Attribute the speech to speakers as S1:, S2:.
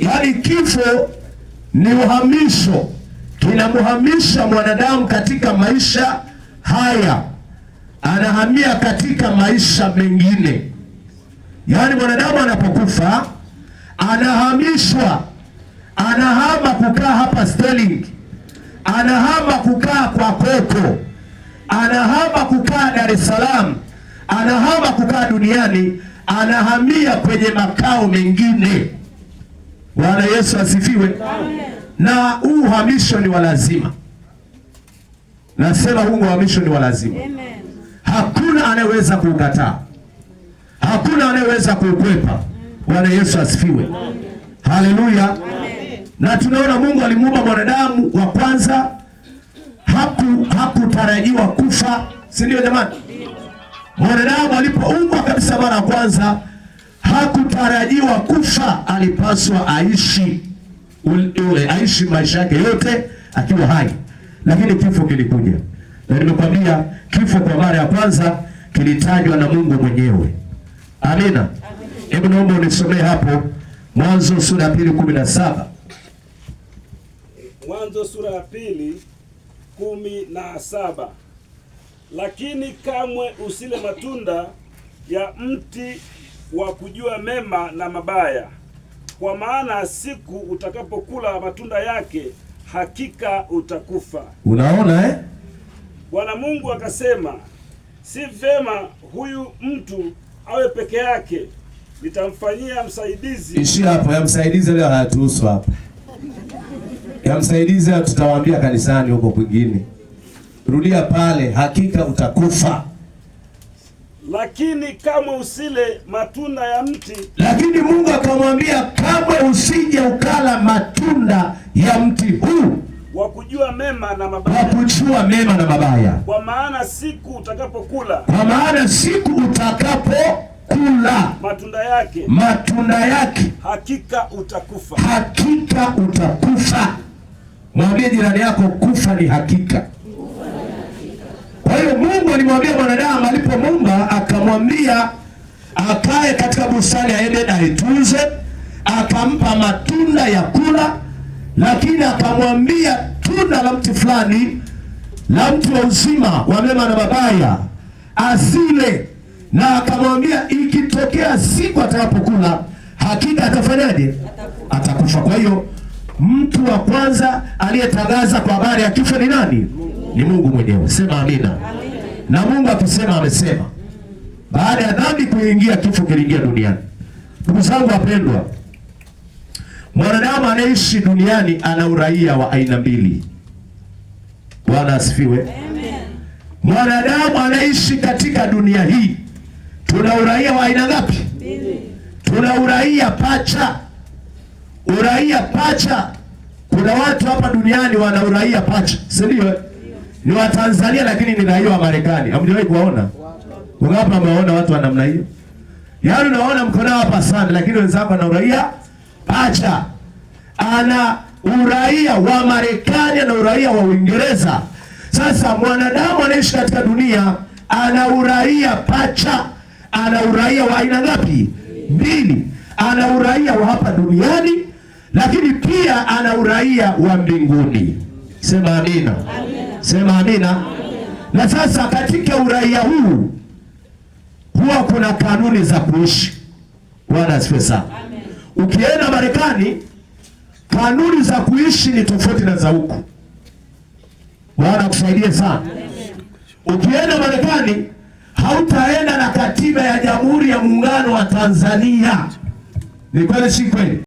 S1: Yaani kifo ni uhamisho, kinamuhamisha mwanadamu katika maisha haya, anahamia katika maisha mengine. Yaani mwanadamu anapokufa anahamishwa, anahama kukaa hapa Sterling, anahama kukaa kwa Koko, anahama kukaa Dar es Salaam, anahama kukaa duniani, anahamia kwenye makao mengine. Bwana Yesu asifiwe. Na huu uhamisho ni wa lazima, nasema huu uhamisho ni wa lazima. Hakuna anayeweza kuukataa, hakuna anayeweza kuukwepa. Bwana Yesu asifiwe, haleluya. Na tunaona Mungu alimuumba mwanadamu wa kwanza, hakutarajiwa kufa, si ndio jamani? Mwanadamu alipoumbwa kabisa mara ya kwanza hakutarajiwa kufa, alipaswa aishi ule, aishi maisha yake yote akiwa hai, lakini kifo kilikuja. Na nimekwambia kifo kwa mara ya kwanza kilitajwa na Mungu mwenyewe. Amina. Hebu naomba unisomee hapo Mwanzo sura ya pili kumi na saba.
S2: Mwanzo sura ya pili kumi na saba. Lakini kamwe usile matunda ya mti wa kujua mema na mabaya, kwa maana siku utakapokula matunda yake hakika utakufa.
S1: Unaona eh?
S2: Bwana Mungu akasema, si vema huyu mtu awe peke yake, nitamfanyia msaidizi.
S1: Ishi hapo, ya msaidizi leo anatuhusu hapa. Ya msaidizi tutawaambia kanisani huko kwingine. Rudia pale, hakika utakufa
S2: lakini kamwe usile matunda ya mti.
S1: Lakini Mungu akamwambia, kamwe usije ukala matunda ya mti
S2: huu wa kujua mema na mabaya,
S1: wa kujua mema na mabaya,
S2: kwa maana siku utakapokula,
S1: kwa maana siku utakapo kula
S2: matunda yake,
S1: matunda yake
S2: hakika utakufa,
S1: hakika utakufa. Mwambie jirani yako, kufa ni hakika. Kwa hiyo Mungu alimwambia mwanadamu akamwambia akae katika bustani ya Eden aitunze, akampa matunda ya kula, lakini akamwambia tunda la mti fulani la mti wa uzima wa mema na mabaya asile, na akamwambia ikitokea siku atakapokula hakika atafanyaje? Atakufa. Kwa hiyo mtu wa kwanza aliyetangaza kwa habari ya kifo ni nani? Ni Mungu mwenyewe. Sema amina, amina. Na Mungu akisema amesema. Baada ya dhambi kuingia, kifo kiliingia duniani. Ndugu zangu wapendwa, mwanadamu anaishi duniani ana uraia wa aina mbili. Bwana asifiwe, Mwanadamu anaishi katika dunia hii, tuna uraia wa aina ngapi? Mbili. Tuna uraia pacha. Uraia pacha, kuna watu hapa duniani wana uraia pacha, si ndio? Ni Watanzania lakini ni raia wa Marekani. Hamjawahi kuwaona? Uko hapa unaona watu wa namna hiyo? Yaani unaona mko nao hapa sana lakini wenzako ana uraia pacha. Ana uraia wa Marekani, ana uraia wa Uingereza. Sasa mwanadamu anaishi katika dunia ana uraia pacha. Ana uraia wa aina ngapi? Mbili. Ana uraia wa hapa duniani, lakini pia ana uraia wa mbinguni. Sema amina, amina. Sema amina, amina. Na sasa katika uraia huu huwa kuna kanuni za kuishi. Bwana asifiwe sana. Ukienda Marekani, kanuni za kuishi ni tofauti na za huku. Bwana kusaidie sana. Ukienda Marekani hautaenda na katiba ya Jamhuri ya Muungano wa Tanzania. Ni kweli si kweli?